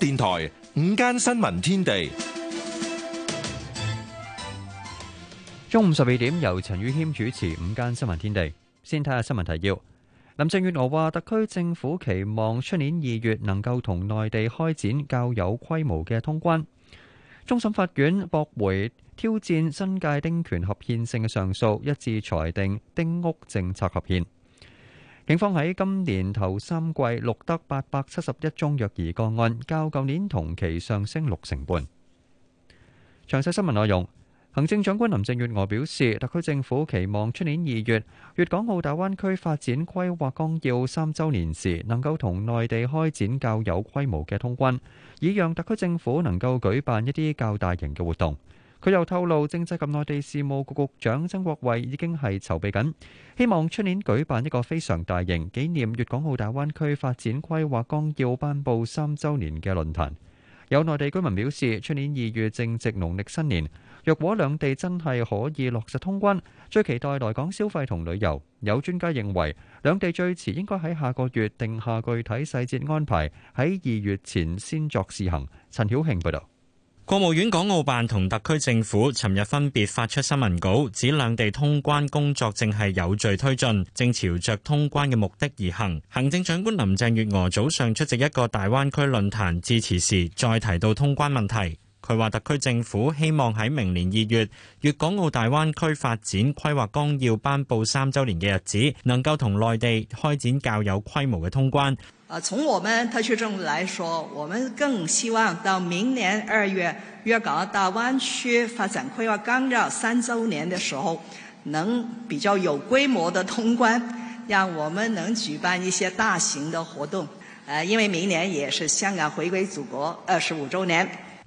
電台午間新聞天地，中午十二點由陳宇謙主持《午間新聞天地》。先睇下新聞提要。林鄭月娥話，特區政府期望出年二月能夠同內地開展較有規模嘅通關。終審法院駁回挑戰新界丁權合憲性嘅上訴，一致裁定丁屋政策合憲。警方喺今年頭三季錄得八百七十一宗虐兒個案，較舊年同期上升六成半。詳細新聞內容，行政長官林鄭月娥表示，特區政府期望出年二月，粵港澳大灣區發展規劃綱要三周年時，能夠同內地開展較有規模嘅通關，以讓特區政府能夠舉辦一啲較大型嘅活動。佢又透露，政制及內地事務局局長曾國衛已經係籌備緊，希望出年舉辦一個非常大型紀念粵港澳大灣區發展規劃綱要頒布三週年嘅論壇。有內地居民表示，出年二月正值農曆新年，若果兩地真係可以落實通關，最期待來港消費同旅遊。有專家認為，兩地最遲應該喺下個月定下具體細節安排，喺二月前先作試行。陳曉慶報道。國務院港澳辦同特區政府尋日分別發出新聞稿，指兩地通關工作正係有序推進，正朝着通關嘅目的而行。行政長官林鄭月娥早上出席一個大灣區論壇致辭時，再提到通關問題。佢話特區政府希望喺明年二月，粵港澳大灣區發展規劃綱要頒布三週年嘅日子，能夠同內地開展較有規模嘅通關。啊，從我們特區政府來說，我們更希望到明年二月，粵港澳大灣區發展規劃綱要三周年的時候，能比較有規模的通關，讓我們能舉辦一些大型的活動，呃，因為明年也是香港回歸祖國二十五周年。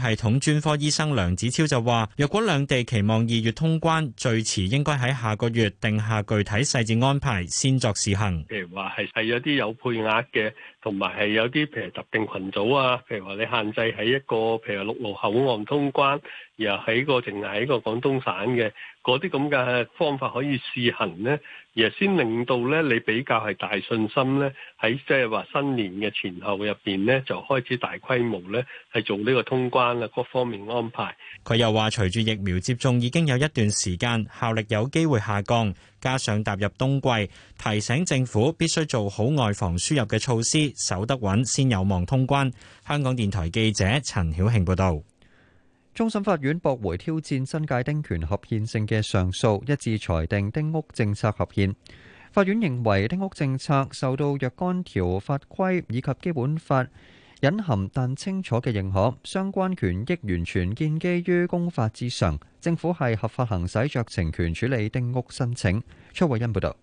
系統專科醫生梁子超就話，若果兩地期望二月通關，最遲應該喺下個月定下具體細節安排，先作試行。譬如話係係有啲有配額嘅，同埋係有啲譬如特定群組啊，譬如話你限制喺一個譬如話陸路口岸通關。又喺個淨係喺個廣東省嘅嗰啲咁嘅方法可以試行咧，而係先令到咧你比較係大信心咧，喺即係話新年嘅前後入邊咧就開始大規模咧係做呢個通關啊，各方面安排。佢又話，隨住疫苗接種已經有一段時間效力有機會下降，加上踏入冬季，提醒政府必須做好外防輸入嘅措施，守得穩先有望通關。香港電台記者陳曉慶報道。終審法院駁回挑戰新界丁權合憲性嘅上訴，一致裁定丁屋政策合憲。法院認為丁屋政策受到若干條法規以及基本法隱含但清楚嘅認可，相關權益完全建基於公法之上，政府係合法行使酌情權處理丁屋申請。卓慧欣報道。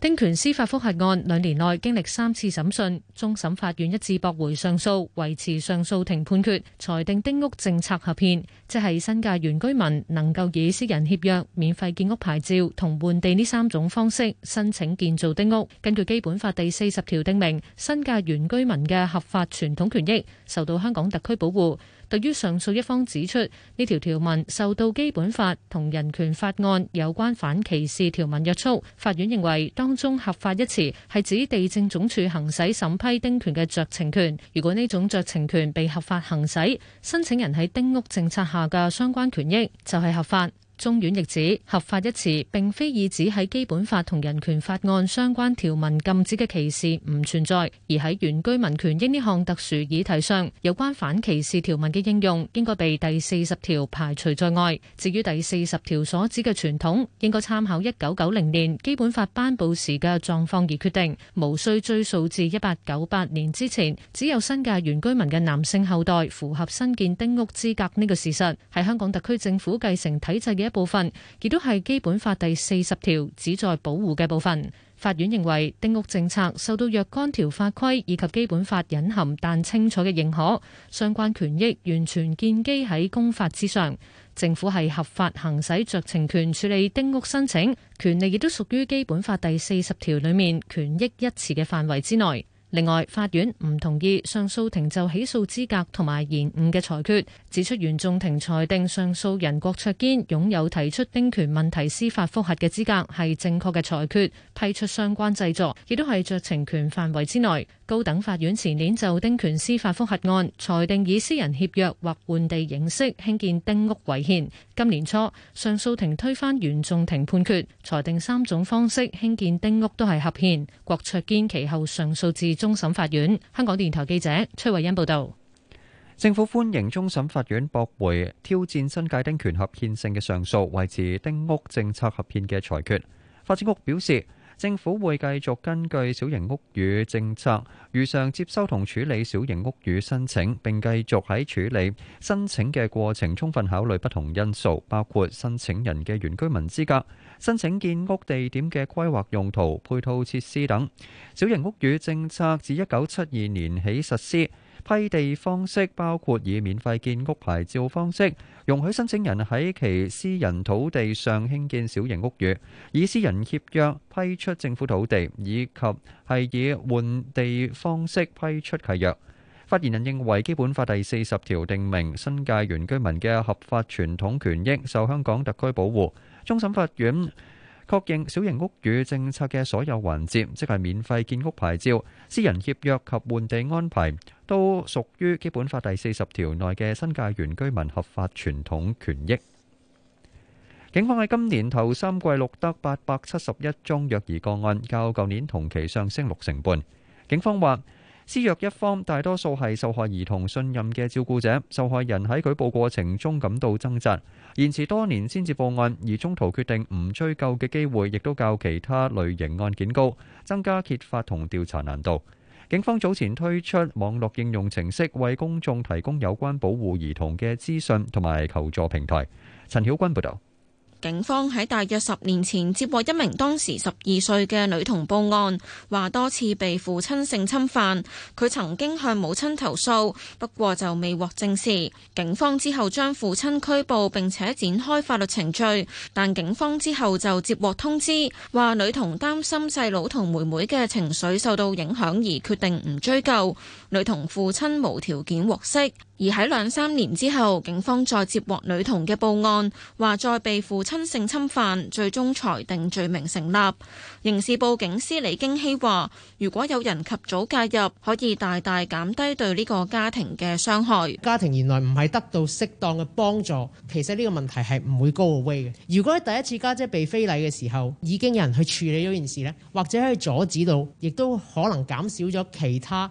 丁權司法覆核案兩年內經歷三次審訊，終審法院一致駁回上訴，維持上訴庭判決，裁定丁屋政策合憲，即係新界原居民能夠以私人協約、免費建屋牌照同換地呢三種方式申請建造丁屋。根據基本法第四十條訂明，新界原居民嘅合法傳統權益受到香港特區保護。對於上訴一方指出，呢條條文受到基本法同《人權法案》有關反歧視條文約束，法院認為當中合法一詞係指地政總署行使審批丁權嘅酌情權。如果呢種酌情權被合法行使，申請人喺丁屋政策下嘅相關權益就係合法。終院亦指，合法一詞并非意指喺基本法同人權法案相關條文禁止嘅歧視唔存在，而喺原居民權益呢項特殊議題上，有關反歧視條文嘅應用應該被第四十條排除在外。至於第四十條所指嘅傳統，應該參考一九九零年基本法頒布時嘅狀況而決定，無需追溯至一八九八年之前。只有新界原居民嘅男性後代符合新建丁屋資格呢個事實，係香港特區政府繼承體制嘅一。部分，亦都係基本法第四十條旨在保護嘅部分。法院認為，丁屋政策受到若干條法規以及基本法隱含但清楚嘅認可，相關權益完全建基喺公法之上。政府係合法行使酌情權處理丁屋申請，權利亦都屬於基本法第四十條裏面權益一詞嘅範圍之內。另外，法院唔同意上訴庭就起訴資格同埋延誤嘅裁決，指出原訟庭裁定上訴人郭卓堅擁有提出丁權問題司法復核嘅資格係正確嘅裁決，批出相關製作亦都係酌情權範圍之內。高等法院前年就丁權司法複核案裁定以私人協約或換地形式興建丁屋違憲，今年初上訴庭推翻原訟庭判決，裁定三種方式興建丁屋都係合憲。郭卓堅其後上訴至終審法院。香港電台記者崔慧欣報道。政府歡迎終審法院駁回挑戰新界丁權合憲性嘅上訴，維持丁屋政策合憲嘅裁決。發展局表示。政府會繼續根據小型屋宇政策，如常接收同處理小型屋宇申請，並繼續喺處理申請嘅過程充分考慮不同因素，包括申請人嘅原居民資格、申請建屋地點嘅規劃用途、配套設施等。小型屋宇政策自一九七二年起實施。批地方式包括以免費建屋牌照方式容許申請人喺其私人土地上興建小型屋宇，以私人協約批出政府土地，以及係以換地方式批出契約。發言人認為《基本法》第四十條定明新界原居民嘅合法傳統權益受香港特區保護。終審法院確認小型屋宇政策嘅所有環節，即係免費建屋牌照、私人協約及換地安排，都屬於基本法第四十條內嘅新界原居民合法傳統權益。警方喺今年頭三季錄得八百七十一宗虐兒個案，較舊年同期上升六成半。警方話：施虐一方，大多數係受害兒童信任嘅照顧者，受害人喺舉報過程中感到掙扎，延遲多年先至報案，而中途決定唔追究嘅機會，亦都較其他類型案件高，增加揭發同調查難度。警方早前推出網絡應用程式，為公眾提供有關保護兒童嘅資訊同埋求助平台。陳曉君報道。警方喺大約十年前接獲一名當時十二歲嘅女童報案，話多次被父親性侵犯。佢曾經向母親投訴，不過就未獲正視。警方之後將父親拘捕並且展開法律程序，但警方之後就接獲通知，話女童擔心細佬同妹妹嘅情緒受到影響，而決定唔追究。女童父親無條件獲釋，而喺兩三年之後，警方再接獲女童嘅報案，話再被父親性侵犯，最終裁定罪名成立。刑事部警司李京希話，如果有人及早介入，可以大大減低對呢個家庭嘅傷害。家庭原來唔係得到適當嘅幫助，其實呢個問題係唔會 go away 嘅。如果喺第一次家姐被非禮嘅時候已經有人去處理咗件事呢，或者可以阻止到，亦都可能減少咗其他。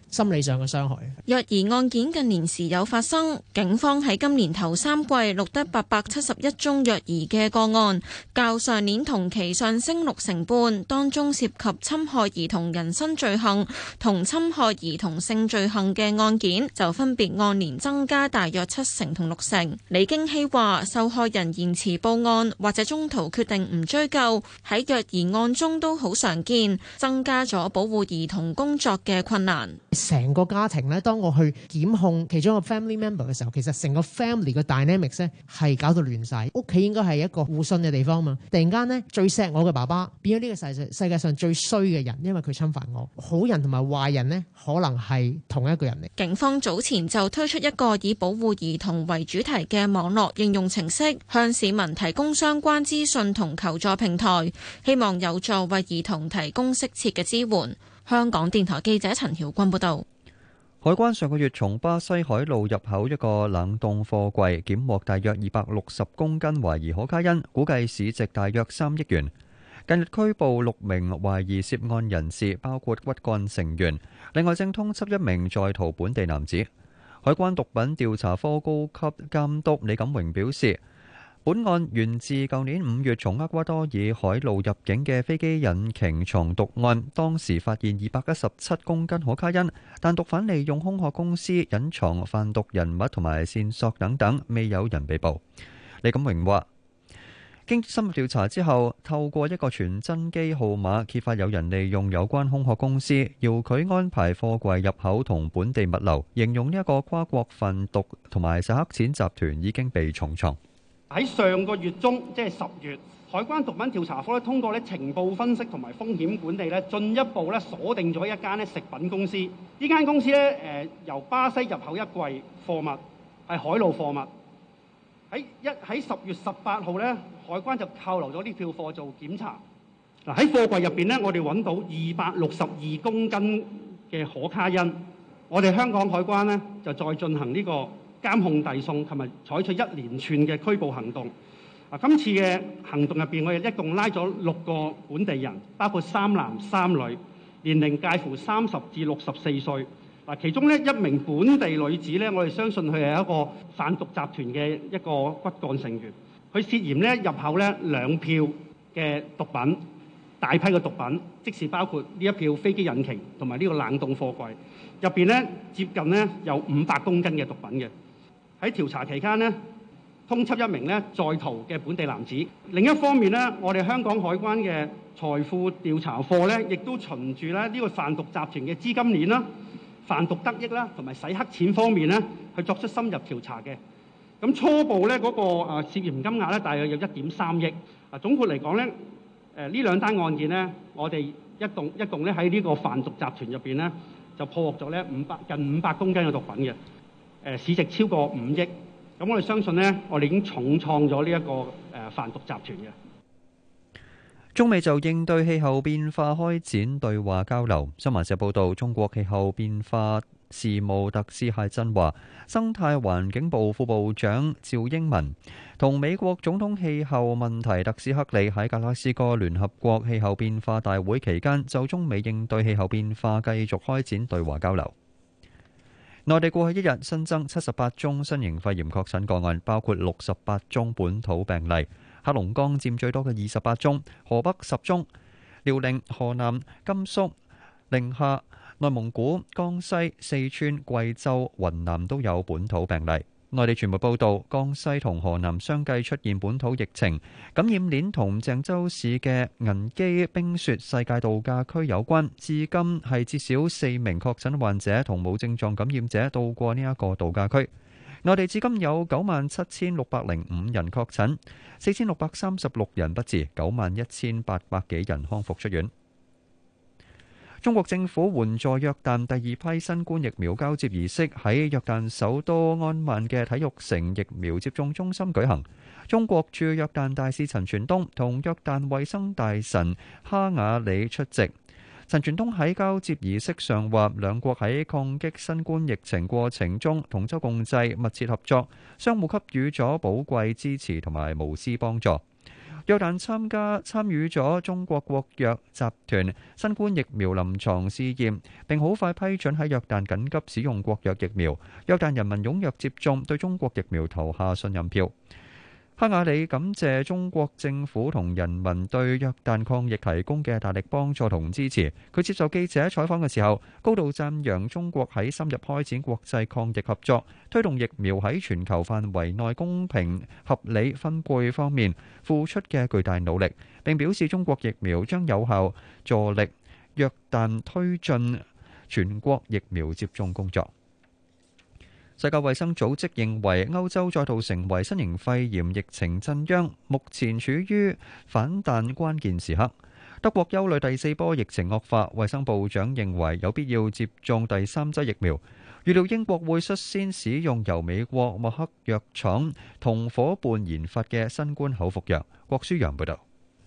心理上嘅傷害。虐兒案件近年時有發生，警方喺今年頭三季錄得八百七十一宗虐兒嘅個案，較上年同期上升六成半。當中涉及侵害兒童人身罪行同侵害兒童性罪行嘅案件，就分別按年增加大約七成同六成。李京希話：受害人延遲報案或者中途決定唔追究，喺虐兒案中都好常見，增加咗保護兒童工作嘅困難。成個家庭咧，當我去檢控其中一個 family member 嘅時候，其實成個 family 嘅 dynamics 咧係搞到亂晒。屋企應該係一個互信嘅地方嘛！突然間呢，最錫我嘅爸爸變咗呢個世世界上最衰嘅人，因為佢侵犯我。好人同埋壞人呢，可能係同一個人嚟。警方早前就推出一個以保護兒童為主題嘅網絡應用程式，向市民提供相關資訊同求助平台，希望有助為兒童提供適切嘅支援。香港電台記者陳曉君報道，海關上個月從巴西海路入口一個冷凍貨櫃檢獲大約二百六十公斤懷疑可卡因，估計市值大約三億元。近日拘捕六名懷疑涉案人士，包括骨幹成員，另外正通緝一名在逃本地男子。海關毒品調查科高級監督李錦榮表示，本案源自舊年五月從厄瓜多爾海路入境嘅飛機引擎藏毒案，當時發現二百一十七公斤可卡因，但毒販利用空殼公司隱藏販毒人物同埋線索等等，未有人被捕。李錦榮話：經深入調查之後，透過一個傳真機號碼揭發有人利用有關空殼公司，要佢安排貨櫃入口同本地物流，形容呢一個跨國販毒同埋洗黑錢集團已經被重創。喺上個月中，即係十月，海關毒品調查科咧通過咧情報分析同埋風險管理咧，進一步咧鎖定咗一間咧食品公司。呢間公司咧，誒由巴西入口一櫃貨物係海路貨物，喺一喺十月十八號咧，海關就扣留咗呢票貨做檢查。嗱喺貨櫃入邊咧，我哋揾到二百六十二公斤嘅可卡因。我哋香港海關咧就再進行呢個監控遞送，同埋採取一連串嘅拘捕行動。啊、今次嘅行動入邊，我哋一共拉咗六個本地人，包括三男三女，年齡介乎三十至六十四歲。嗱、啊，其中咧一名本地女子咧，我哋相信佢係一個販毒集團嘅一個骨幹成員。佢涉嫌咧入口咧兩票嘅毒品，大批嘅毒品，即使包括呢一票飛機引擎同埋呢個冷凍貨櫃入邊咧，接近咧有五百公斤嘅毒品嘅。喺調查期間咧，通緝一名咧在逃嘅本地男子。另一方面咧，我哋香港海關嘅財富調查課咧，亦都循住咧呢個販毒集團嘅資金鏈啦、販毒得益啦，同埋洗黑錢方面咧，去作出深入調查嘅。咁初步咧嗰個誒涉嫌金額咧，大約有一點三億。啊，總括嚟講咧，誒呢兩單案件咧，我哋一共一共咧喺呢個販毒集團入邊咧，就破獲咗咧五百近五百公斤嘅毒品嘅。誒市值超過五億，咁我哋相信呢，我哋已經重創咗呢一個誒販毒集團嘅。中美就應對氣候變化開展對話交流。新華社報道，中國氣候變化事務特使解振華，生態環境部副部長趙英民同美國總統氣候問題特使克里喺格拉斯哥聯合國氣候變化大會期間，就中美應對氣候變化繼續開展對話交流。內地過去一日新增七十八宗新型肺炎確診個案，包括六十八宗本土病例，黑龍江佔最多嘅二十八宗，河北十宗，遼寧、河南、甘肅、寧夏、內蒙古、江西、四川、貴州、雲南都有本土病例。內地傳媒報道，江西同河南相繼出現本土疫情，感染鏈同鄭州市嘅銀基冰雪世界度假區有關。至今係至少四名確診患者同冇症狀感染者到過呢一個度假區。內地至今有九萬七千六百零五人確診，四千六百三十六人不治，九萬一千八百幾人康復出院。中國政府援助約旦第二批新冠疫苗交接儀式喺約旦首都安曼嘅體育城疫苗接種中心舉行。中國駐約旦大使陳全東同約旦衛生大臣哈瓦里出席。陳全東喺交接儀式上話，兩國喺抗擊新冠疫情過程中同舟共濟、密切合作，相互給予咗寶貴支持同埋無私幫助。約旦參加參與咗中國國藥集團新冠疫苗臨床試驗，並好快批准喺約旦緊急使用國藥疫苗，約旦人民踴躍接種，對中國疫苗投下信任票。潘雅里感謝中國政府同人民對約旦抗疫提供嘅大力幫助同支持。佢接受記者採訪嘅時候，高度讚揚中國喺深入開展國際抗疫合作、推動疫苗喺全球範圍內公平合理分配方面付出嘅巨大努力，並表示中國疫苗將有效助力約旦推進全國疫苗接種工作。世界衛生組織認為歐洲再度成為新型肺炎疫情震央，目前處於反彈關鍵時刻。德國憂慮第四波疫情惡化，衛生部長認為有必要接種第三劑疫苗。預料英國會率先使用由美國默克藥廠同夥伴研發嘅新冠口服藥。郭舒陽報導。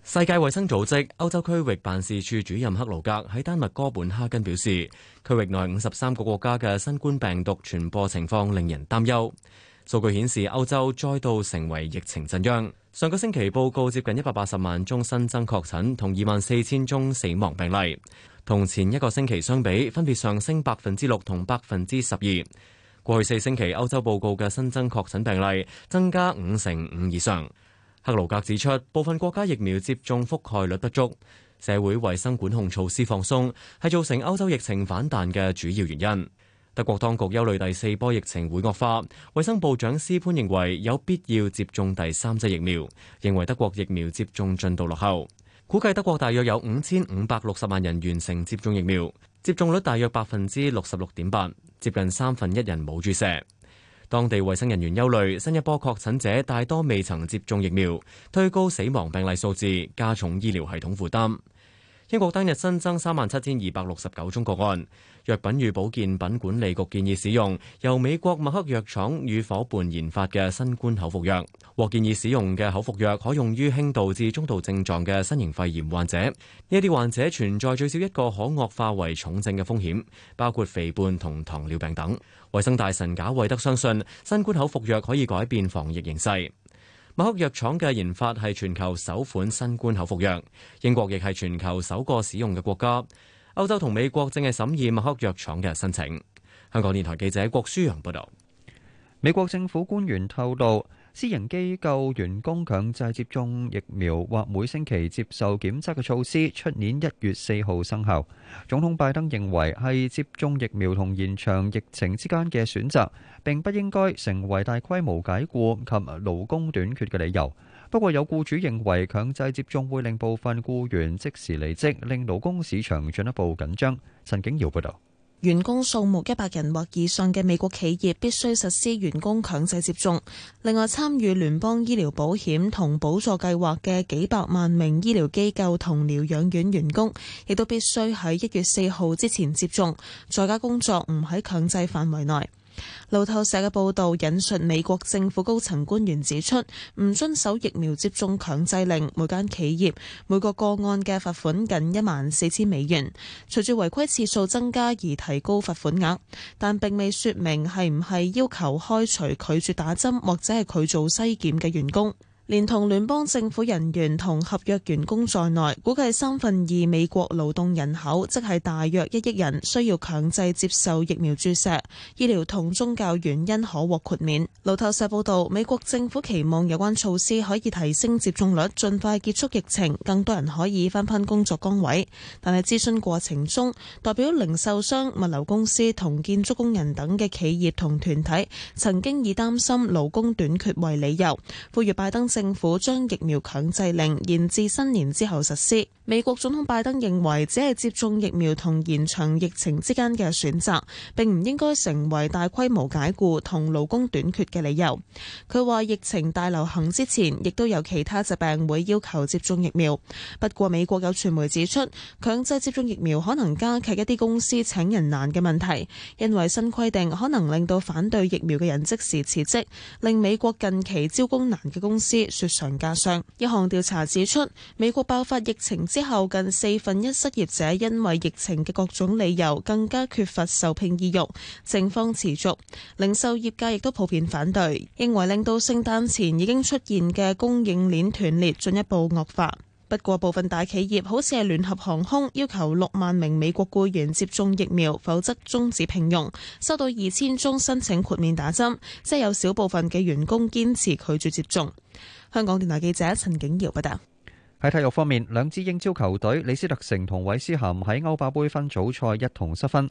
世界衛生組織歐洲區域辦事處主任克魯格喺丹麥哥本哈根表示，區域內五十三個國家嘅新冠病毒傳播情況令人擔憂。數據顯示，歐洲再度成為疫情震央。上個星期報告接近一百八十萬宗新增確診，同二萬四千宗死亡病例，同前一個星期相比，分別上升百分之六同百分之十二。過去四星期，歐洲報告嘅新增確診病例增加五成五以上。克勞格指出，部分國家疫苗接種覆蓋率不足，社會衛生管控措施放鬆，係造成歐洲疫情反彈嘅主要原因。德國當局憂慮第四波疫情會惡化，衛生部長斯潘認為有必要接種第三劑疫苗，認為德國疫苗接種進度落後，估計德國大約有五千五百六十萬人完成接種疫苗，接種率大約百分之六十六點八，接近三分一人冇注射。當地衞生人員憂慮，新一波確診者大多未曾接種疫苗，推高死亡病例數字，加重醫療系統負擔。英國當日新增三萬七千二百六十九宗個案，藥品與保健品管理局建議使用由美國默克藥廠與伙伴研發嘅新冠口服藥。或建議使用嘅口服藥可用於輕度至中度症狀嘅新型肺炎患者，呢一啲患者存在最少一個可惡化為重症嘅風險，包括肥胖同糖尿病等。衛生大臣賈偉德相信，新冠口服藥可以改變防疫形勢。默克藥廠嘅研發係全球首款新冠口服藥，英國亦係全球首個使用嘅國家。歐洲同美國正係審議默克藥廠嘅申請。香港電台記者郭舒揚報導。美國政府官員透露，私營機構員工強制接種疫苗或每星期接受檢測嘅措施，出年一月四號生效。總統拜登認為係接種疫苗同延長疫情之間嘅選擇，並不應該成為大規模解雇及勞工短缺嘅理由。不過，有雇主認為強制接種會令部分雇員即時離職，令勞工市場進一步緊張。陳景堯報道。員工數目一百人或以上嘅美國企業必須實施員工強制接種。另外，參與聯邦醫療保險同補助計劃嘅幾百萬名醫療機構同療養院員工，亦都必須喺一月四號之前接種。在家工作唔喺強制範圍內。路透社嘅報道引述美國政府高層官員指出，唔遵守疫苗接種強制令，每間企業每個個案嘅罰款近一萬四千美元，隨住違規次數增加而提高罰款額，但並未說明係唔係要求開除拒絕打針或者係拒做篩檢嘅員工。連同聯邦政府人員同合約員工在內，估計三分二美國勞動人口，即係大約一億人，需要強制接受疫苗注射。醫療同宗教原因可獲豁免。路透社報道，美國政府期望有關措施可以提升接種率，盡快結束疫情，更多人可以翻返工作崗位。但係諮詢過程中，代表零售商、物流公司同建築工人等嘅企業同團體，曾經以擔心勞工短缺為理由，呼籲拜登。政府將疫苗強制令延至新年之後實施。美國總統拜登認為，只係接種疫苗同延長疫情之間嘅選擇，並唔應該成為大規模解僱同勞工短缺嘅理由。佢話疫情大流行之前，亦都有其他疾病會要求接種疫苗。不過，美國有傳媒指出，強制接種疫苗可能加劇一啲公司請人難嘅問題，因為新規定可能令到反對疫苗嘅人即時辭職，令美國近期招工難嘅公司雪上加霜。一項調查指出，美國爆發疫情。之後近四分一失業者因為疫情嘅各種理由，更加缺乏受聘意欲，情況持續。零售業界亦都普遍反對，認為令到聖誕前已經出現嘅供應鏈斷裂進一步惡化。不過部分大企業好似係聯合航空，要求六萬名美國僱員接種疫苗，否則終止聘用。收到二千宗申請豁免打針，即係有小部分嘅員工堅持拒絕接種。香港電台記者陳景瑤報道。喺體育方面，兩支英超球隊李斯特城同韋斯咸喺歐霸杯分組賽一同失分。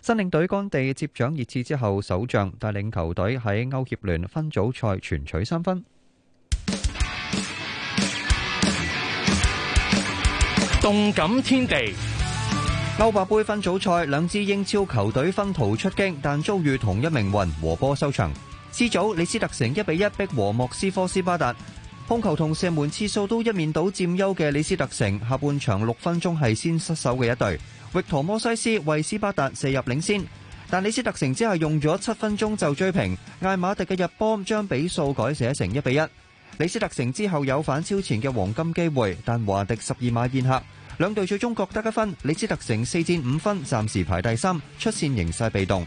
新領隊干地接掌熱刺之後首仗帶領球隊喺歐協聯分組賽全取三分。動感天地，歐霸杯分組賽兩支英超球隊分途出征，但遭遇同一命運和波收場。C 組，李斯特城一比一逼和莫斯科斯巴達。控球同射門次數都一面倒佔優嘅李斯特城，下半場六分鐘係先失手嘅一隊。域陀摩西斯為斯巴達射入領先，但李斯特城只係用咗七分鐘就追平，艾馬迪嘅入波將比數改寫成一比一。李斯特城之後有反超前嘅黃金機會，但華迪十二碼變客，兩隊最終各得一分。李斯特城四戰五分，暫時排第三，出線形勢被動。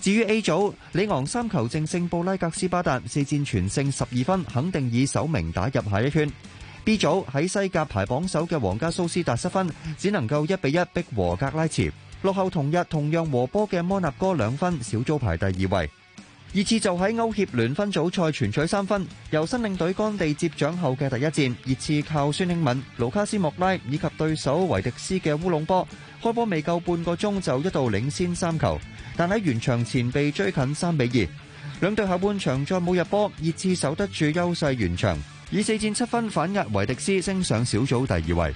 至於 A 組，里昂三球正勝布拉格斯巴達，四戰全勝十二分，肯定以首名打入下一圈。B 組喺西甲排榜首嘅皇家蘇斯達失分，只能夠一比一逼和格拉茨，落後同日同樣和波嘅摩納哥兩分，小組排第二位。熱刺就喺歐協聯分組賽全取三分，由新領隊干地接掌後嘅第一戰，熱刺靠孫興慜、盧卡斯莫拉以及對手維迪斯嘅烏龍波，開波未夠半個鐘就一度領先三球。但喺完場前被追近三比二，兩隊後半場再冇入波，熱刺守得住優勢完場，以四戰七分反壓維迪斯，升上小組第二位。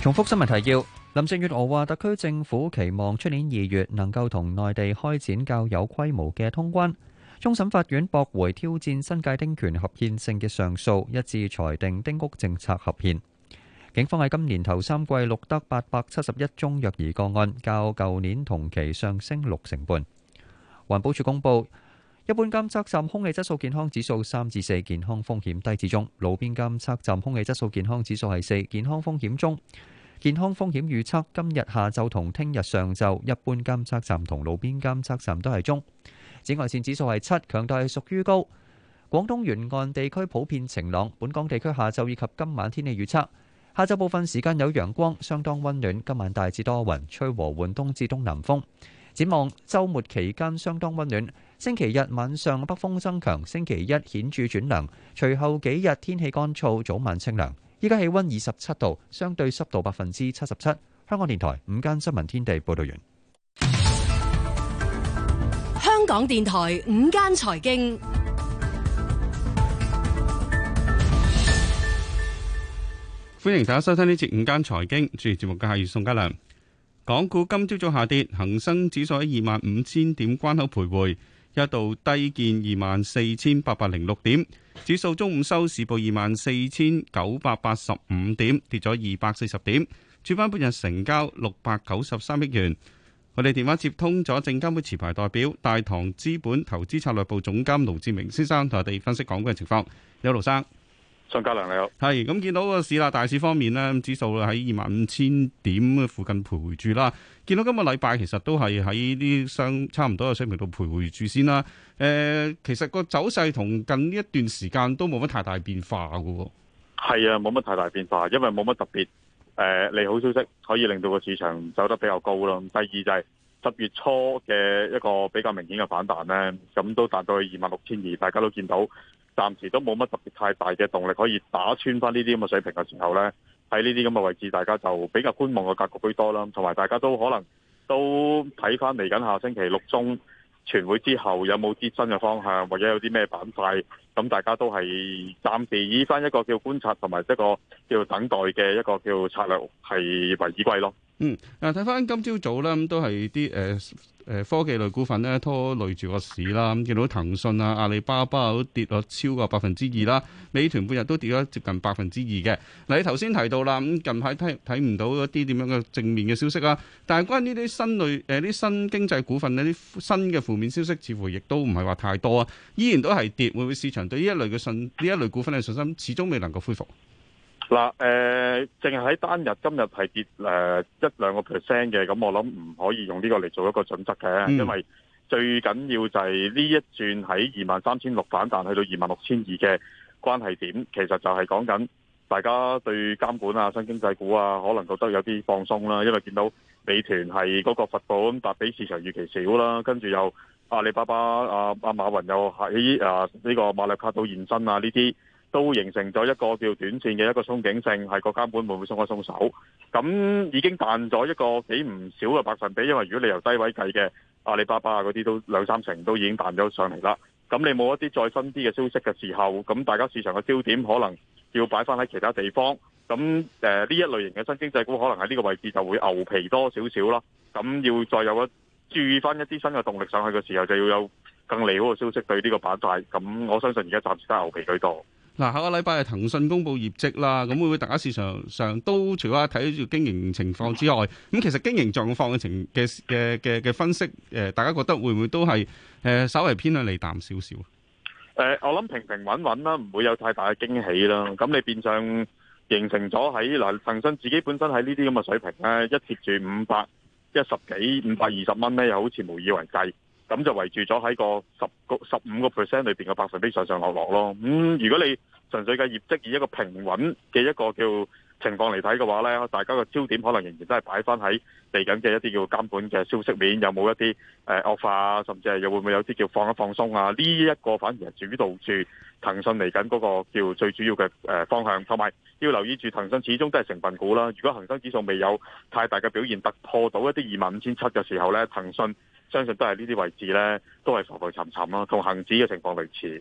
重複新聞提要：林鄭月娥話特區政府期望出年二月能夠同內地開展較有規模嘅通關，終審法院駁回挑戰新界丁權合憲性嘅上訴，一致裁定丁屋政策合憲。警方喺今年頭三季錄得八百七十一宗虐兒個案，較舊年同期上升六成半。環保署公布，一般監測站空氣質素健康指數三至四，健康風險低至中；路邊監測站空氣質素健康指數係四，健康風險中。健康風險預測今日下晝同聽日上晝，一般監測站同路邊監測站都係中。紫外線指數係七，強度屬於高。廣東沿岸地區普遍晴朗，本港地區下晝以及今晚天氣預測。下晝部分時間有陽光，相當溫暖。今晚大致多雲，吹和緩東至東南風。展望周末期間相當溫暖，星期日晚上北風增強，星期一顯著轉涼，隨後幾日天氣乾燥，早晚清涼。依家氣溫二十七度，相對濕度百分之七十七。香港電台午間新聞天地報道完。香港電台午間財經。歡迎大家收聽呢節午間財經，主持節目嘅係宋嘉良。港股今朝早下跌，恒生指數喺二萬五千點關口徘徊，一度低見二萬四千八百零六點。指數中午收市報二萬四千九百八十五點，跌咗二百四十點。主板半日成交六百九十三億元。我哋電話接通咗證監會持牌代表大唐資本投資策略部總監盧志明先生，同我哋分析港股嘅情況。有盧生。張家良你好，係咁見到個市啦，大市方面呢，指數喺二萬五千點嘅附近徘徊住啦。見到今個禮拜其實都係喺啲相差唔多嘅水平度徘徊住先啦。誒、呃，其實個走勢同近呢一段時間都冇乜太大變化嘅。係啊，冇乜太大變化，因為冇乜特別誒、呃、利好消息可以令到個市場走得比較高咯。第二就係、是、十月初嘅一個比較明顯嘅反彈呢，咁都達到二萬六千二，大家都見到。暫時都冇乜特別太大嘅動力可以打穿翻，呢啲咁嘅水平嘅時候呢，喺呢啲咁嘅位置，大家就比較觀望嘅格局居多啦。同埋大家都可能都睇翻嚟緊下星期六中全會之後有冇啲新嘅方向，或者有啲咩板塊，咁大家都係暫時以翻一個叫觀察同埋一個叫等待嘅一個叫策略係為主位咯。嗯，嗱，睇翻今朝早咧，咁都係啲誒誒科技類股份咧拖累住個市啦。咁見到騰訊啊、阿里巴巴都跌咗超過百分之二啦，美團每日都跌咗接近百分之二嘅。嗱，你頭先提到啦，咁近排睇睇唔到一啲點樣嘅正面嘅消息啦。但係關於呢啲新類誒啲、呃、新經濟股份呢啲新嘅負面消息似乎亦都唔係話太多啊，依然都係跌。會唔會市場對呢一類嘅信呢一類股份嘅信心始終未能夠恢復？嗱，誒、啊，淨係喺單日今日係跌誒一兩個 percent 嘅，咁、呃、我諗唔可以用呢個嚟做一個準則嘅，嗯、因為最緊要就係呢一轉喺二萬三千六反彈去到二萬六千二嘅關係點，其實就係講緊大家對監管啊、新經濟股啊，可能覺得有啲放鬆啦、啊，因為見到美團係嗰個罰款咁，比市場預期少啦、啊，跟住又阿里巴巴、阿、啊、阿、啊啊、馬雲又喺啊呢、呢個馬略卡島現身啊，呢啲。都形成咗一個叫短線嘅一個憧憬性，係個監管會唔會鬆一鬆手？咁已經彈咗一個幾唔少嘅百分比，因為如果你由低位計嘅阿里巴巴嗰啲都兩三成都已經彈咗上嚟啦。咁你冇一啲再新啲嘅消息嘅時候，咁大家市場嘅焦點可能要擺翻喺其他地方。咁誒呢一類型嘅新經濟股可能喺呢個位置就會牛皮多少少啦。咁要再有一個注意翻一啲新嘅動力上去嘅時候，就要有更利好嘅消息對呢個板塊。咁我相信而家暫時都係牛皮居多。嗱，下個禮拜係騰訊公布業績啦，咁會唔會大家市場上都除咗睇住經營情況之外，咁其實經營狀況嘅情嘅嘅嘅嘅分析，誒，大家覺得會唔會都係誒稍為偏向利淡少少？誒、呃，我諗平平穩穩啦，唔會有太大嘅驚喜啦。咁你變相形成咗喺嗱騰訊自己本身喺呢啲咁嘅水平咧，一貼住五百一十幾五百二十蚊咧，又好似無以為繼。咁就圍住咗喺個十個、十五個 percent 裏邊嘅百分比上上落落咯、嗯。咁如果你純粹嘅業績以一個平穩嘅一個叫情況嚟睇嘅話呢，大家嘅焦點可能仍然都係擺翻喺嚟緊嘅一啲叫監管嘅消息面，有冇一啲誒惡化，甚至係又會唔會有啲叫放一放鬆啊？呢、這、一個反而係主導住騰訊嚟緊嗰個叫最主要嘅誒方向，同埋要留意住騰訊始終都係成分股啦。如果恆生指數未有太大嘅表現突破到一啲二萬五千七嘅時候呢，騰訊。相信都係呢啲位置咧，都係浮浮沉沉咯，同恆指嘅情況類似。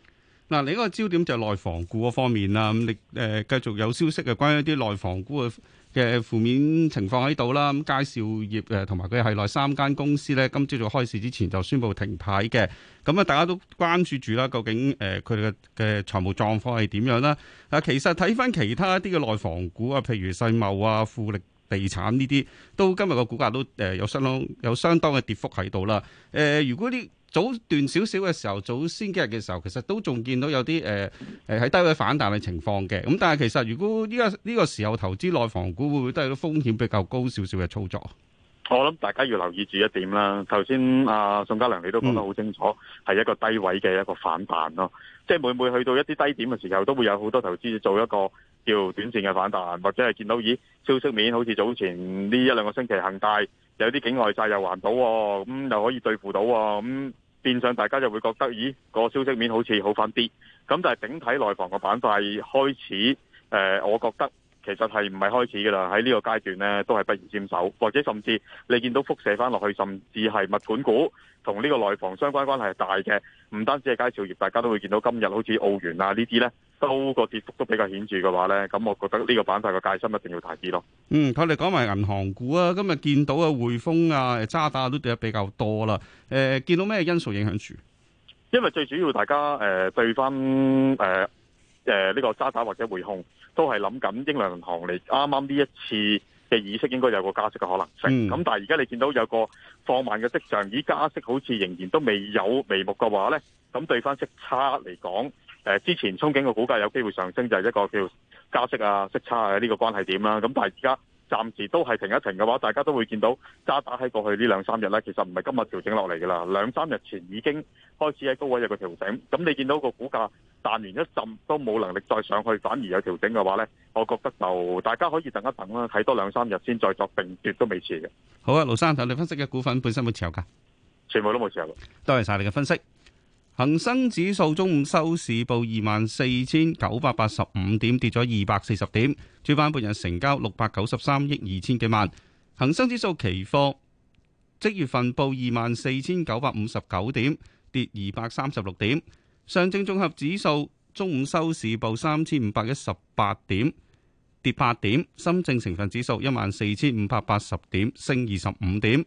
嗱，另一個焦點就係內房股方面啦。咁你誒繼續有消息嘅關於一啲內房股嘅嘅負面情況喺度啦。咁、嗯、佳兆業誒同埋佢係內三間公司咧，今朝早開市之前就宣布停牌嘅。咁、嗯、啊、嗯，大家都關注住啦，究竟誒佢哋嘅嘅財務狀況係點樣啦？啊、嗯，其實睇返其他一啲嘅內房股啊，譬如世茂啊、富力。地產呢啲都今日個股價都誒有相當有相當嘅跌幅喺度啦。誒、呃，如果啲早段少少嘅時候，早先幾日嘅時候，其實都仲見到有啲誒誒喺低位反彈嘅情況嘅。咁但係其實如果依家呢個時候投資內房股會唔會都係啲風險比較高少少嘅操作？我諗大家要留意住一點啦，頭先阿宋嘉良你都講得好清楚，係一個低位嘅一個反彈咯。即係每每去到一啲低點嘅時候，都會有好多投資做一個叫短線嘅反彈，或者係見到咦消息面好似早前呢一兩個星期恒大有啲境外債又還到，咁又可以兌付到，咁變相大家就會覺得咦個消息面好似好返啲。咁但係整體內房個板塊開始，誒，我覺得。其實係唔係開始噶啦？喺呢個階段咧，都係不宜沾手，或者甚至你見到輻射翻落去，甚至係物管股同呢個內房相關關係大嘅，唔單止係佳兆業，大家都會見到今日好似澳元啊呢啲咧，都個跌幅都比較顯著嘅話咧，咁我覺得呢個板塊嘅戒心一定要大啲咯。嗯，我哋講埋銀行股啊，今日見到嘅匯豐啊渣打都跌得比較多啦。誒、呃，見到咩因素影響住？因為最主要大家誒、呃、對翻誒誒呢個渣打或者匯控。都係諗緊英倫銀行嚟啱啱呢一次嘅議息應該有個加息嘅可能性。咁、嗯、但係而家你見到有個放慢嘅跡象，而加息好似仍然都未有眉目嘅話呢。咁對翻息差嚟講，誒、呃、之前憧憬嘅股價有機會上升就係、是、一個叫加息啊、息差啊呢、這個關係點啦。咁但係而家暫時都係停一停嘅話，大家都會見到渣打喺過去呢兩三日呢，其實唔係今日調整落嚟嘅啦，兩三日前已經開始喺高位有個調整。咁你見到個股價，彈完一浸都冇能力再上去，反而有調整嘅話呢，我覺得就大家可以等一等啦，睇多兩三日先再作定奪都未遲嘅。好啊，盧生，睇你分析嘅股份本身冇持有噶？全部都冇持有。多謝晒你嘅分析。恒生指數中午收市報二萬四千九百八十五點，跌咗二百四十點。主板半日成交六百九十三億二千幾萬。恒生指數期貨即月份報二萬四千九百五十九點，跌二百三十六點。上證綜合指數中午收市報三千五百一十八點，跌八點。深證成分指數一萬四千五百八十點，升二十五點。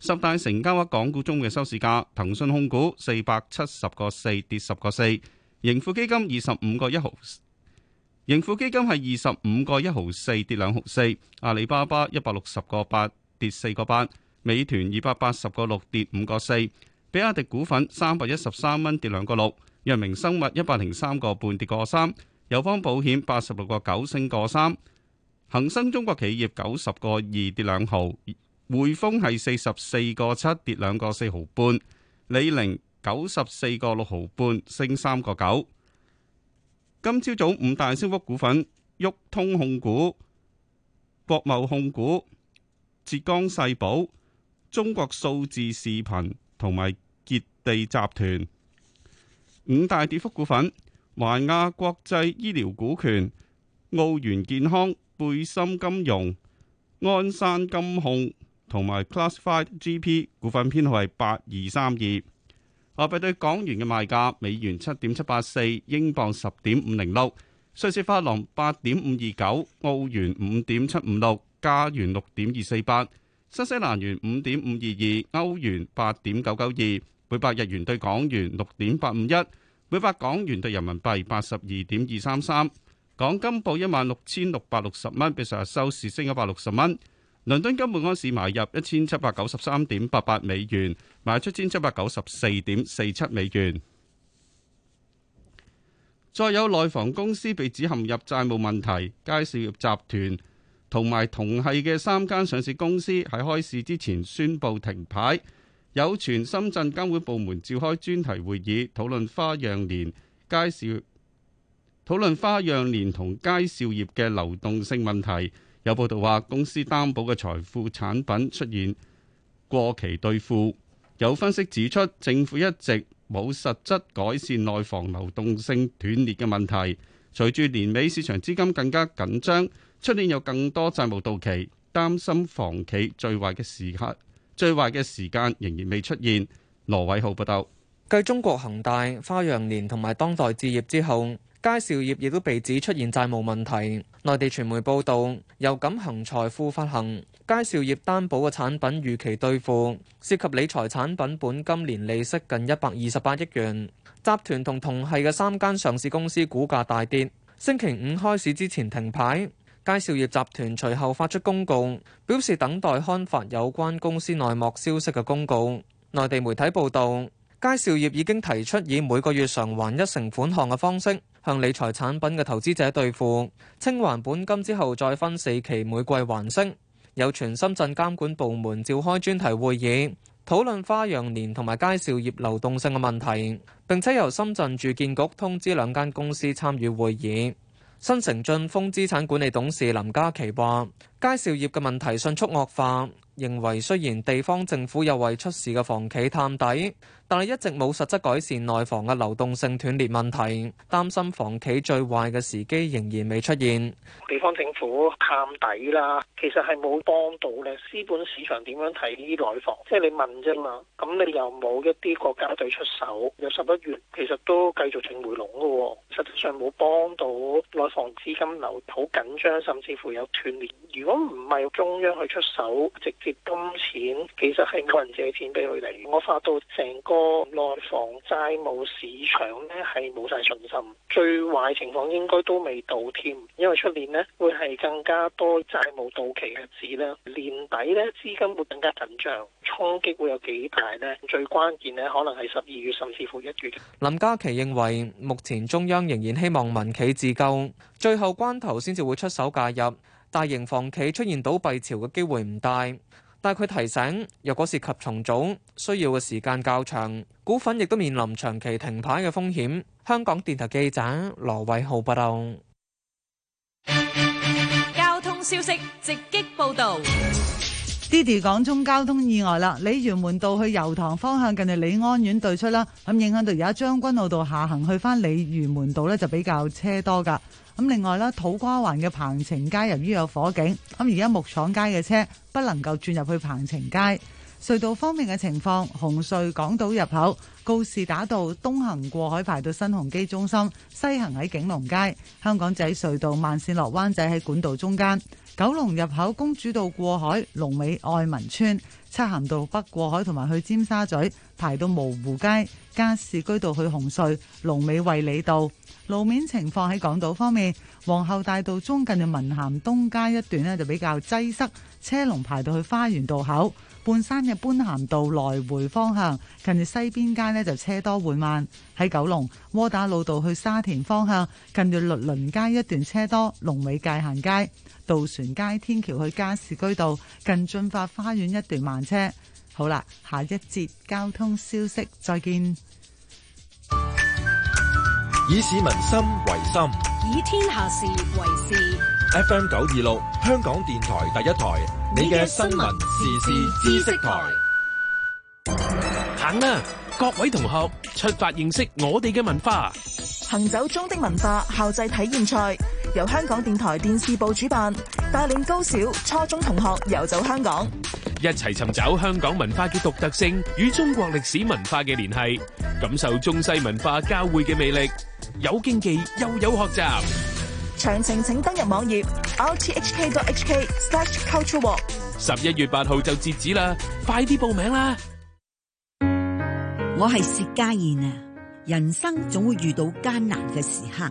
十大成交額港股中嘅收市價，騰訊控股四百七十個四，跌十個四。盈富基金二十五個一毫，盈富基金係二十五個一毫四，跌兩毫四。阿里巴巴一百六十個八，跌四個八。美團二百八十個六，跌五個四。比亞迪股份三百一十三蚊，跌兩個六。藥明生物一百零三個半跌個三，友邦保險八十六個九升個三，恒生中國企業九十個二跌兩毫，匯豐係四十四個七跌兩個四毫半，李寧九十四個六毫半升三個九。今朝早五大升幅股份：沃通控股、博茂控股、浙江世寶、中國數字視頻同埋傑地集團。五大跌幅股份：環亞國際醫療股權、澳元健康、貝森金融、鞍山金控同埋 Classified GP 股份編號係八二三二。外幣對港元嘅賣價：美元七點七八四，英鎊十點五零六，瑞士法郎八點五二九，澳元五點七五六，加元六點二四八，新西蘭元五點五二二，歐元八點九九二。每百日元兌港元六點八五一，每百港元兌人民幣八十二點二三三。港金報一萬六千六百六十蚊，比上日收市升一百六十蚊。倫敦金每安士買入一千七百九十三點八八美元，賣出一千七百九十四點四七美元。再有內房公司被指陷入債務問題，佳兆業集團同埋同系嘅三間上市公司喺開市之前宣布停牌。有傳深圳監管部門召開專題會議，討論花樣年佳兆討論花樣年同佳兆業嘅流動性問題。有報道話，公司擔保嘅財富產品出現過期兌付。有分析指出，政府一直冇實質改善內房流動性斷裂嘅問題。隨住年尾市場資金更加緊張，出年有更多債務到期，擔心房企最壞嘅時刻，最壞嘅時間仍然未出現。羅偉浩報道，繼中國恒大、花樣年同埋當代置業之後，佳兆業亦都被指出現債務問題。內地傳媒報道，由錦恒財富發行佳兆業擔保嘅產品逾期兌付，涉及理財產品本金年利息近一百二十八億元。集團同同系嘅三間上市公司股價大跌，星期五開市之前停牌。佳兆業集團隨後發出公告，表示等待刊發有關公司內幕消息嘅公告。內地媒體報道，佳兆業已經提出以每個月償還一成款項嘅方式，向理財產品嘅投資者兌付，清還本金之後再分四期每季還息。有傳深圳監管部門召開專題會議討論花樣年同埋佳兆業流動性嘅問題，並且由深圳住建局通知兩間公司參與會議。新城駿豐資產管理董事林嘉琪話。佳兆業嘅問題迅速惡化，認為雖然地方政府有為出事嘅房企探底，但係一直冇實質改善內房嘅流動性斷裂問題，擔心房企最壞嘅時機仍然未出現。地方政府探底啦，其實係冇幫到咧。資本市場點樣睇呢啲內房？即係你問啫嘛，咁你又冇一啲國家隊出手。有十一月，其實都繼續淨回籠嘅、哦，實際上冇幫到內房資金流好緊張，甚至乎有斷裂。如果咁唔係中央去出手直接金錢，其實係外人借錢俾佢哋。我發到成個內房債務市場咧，係冇晒信心。最壞情況應該都未到添，因為出年咧會，係更加多債務到期嘅日子啦。年底咧資金會更加緊張，衝擊會有幾大咧？最關鍵咧，可能係十二月甚至乎一月。林嘉琪認為，目前中央仍然希望民企自救，最後關頭先至會出手介入。大型房企出現倒閉潮嘅機會唔大，但係佢提醒，若果涉及重組，需要嘅時間較長，股份亦都面臨長期停牌嘅風險。香港電台記者羅偉浩報道。交通消息直擊報道：「d i d y 講中交通意外啦！鯉魚門道去油塘方向近地李安苑對出啦，咁影響到而家將軍澳道下行去翻鯉魚門道呢，就比較車多噶。咁另外啦，土瓜灣嘅鵬程街由於有火警，咁而家木廠街嘅車不能夠轉入去鵬程街。隧道方面嘅情況，紅隧港島入口告士打道東行過海排到新鴻基中心，西行喺景隆街；香港仔隧道慢線落灣仔喺管道中間；九龍入口公主道過海龍尾愛民村。漆咸道北過海同埋去尖沙咀排到蕪湖街、加士居道去紅隧、龍尾衛理道。路面情況喺港島方面，皇后大道中近嘅文咸東街一段呢就比較擠塞，車龍排到去花園道口；半山嘅般咸道來回方向近住西邊街呢就車多緩慢。喺九龍窩打老道去沙田方向近住律倫街一段車多，龍尾界限街。渡船街天橋去加士居道近駿發花園一段慢車，好啦，下一節交通消息再見。以市民心為心，以天下事為事。F M 九二六，香港電台第一台，你嘅新聞時事知識台。識台行啦，各位同學出發認識我哋嘅文化。行走中的文化校際體驗賽。由香港電台電視部主辦，帶領高小、初中同學遊走香港，一齊尋找香港文化嘅獨特性與中國歷史文化嘅聯繫，感受中西文化交匯嘅魅力，有競技又有學習。詳情請登入網頁 rthk dot hk slash culture。十一月八號就截止啦，快啲報名啦！我係薛家燕啊，人生總會遇到艱難嘅時刻。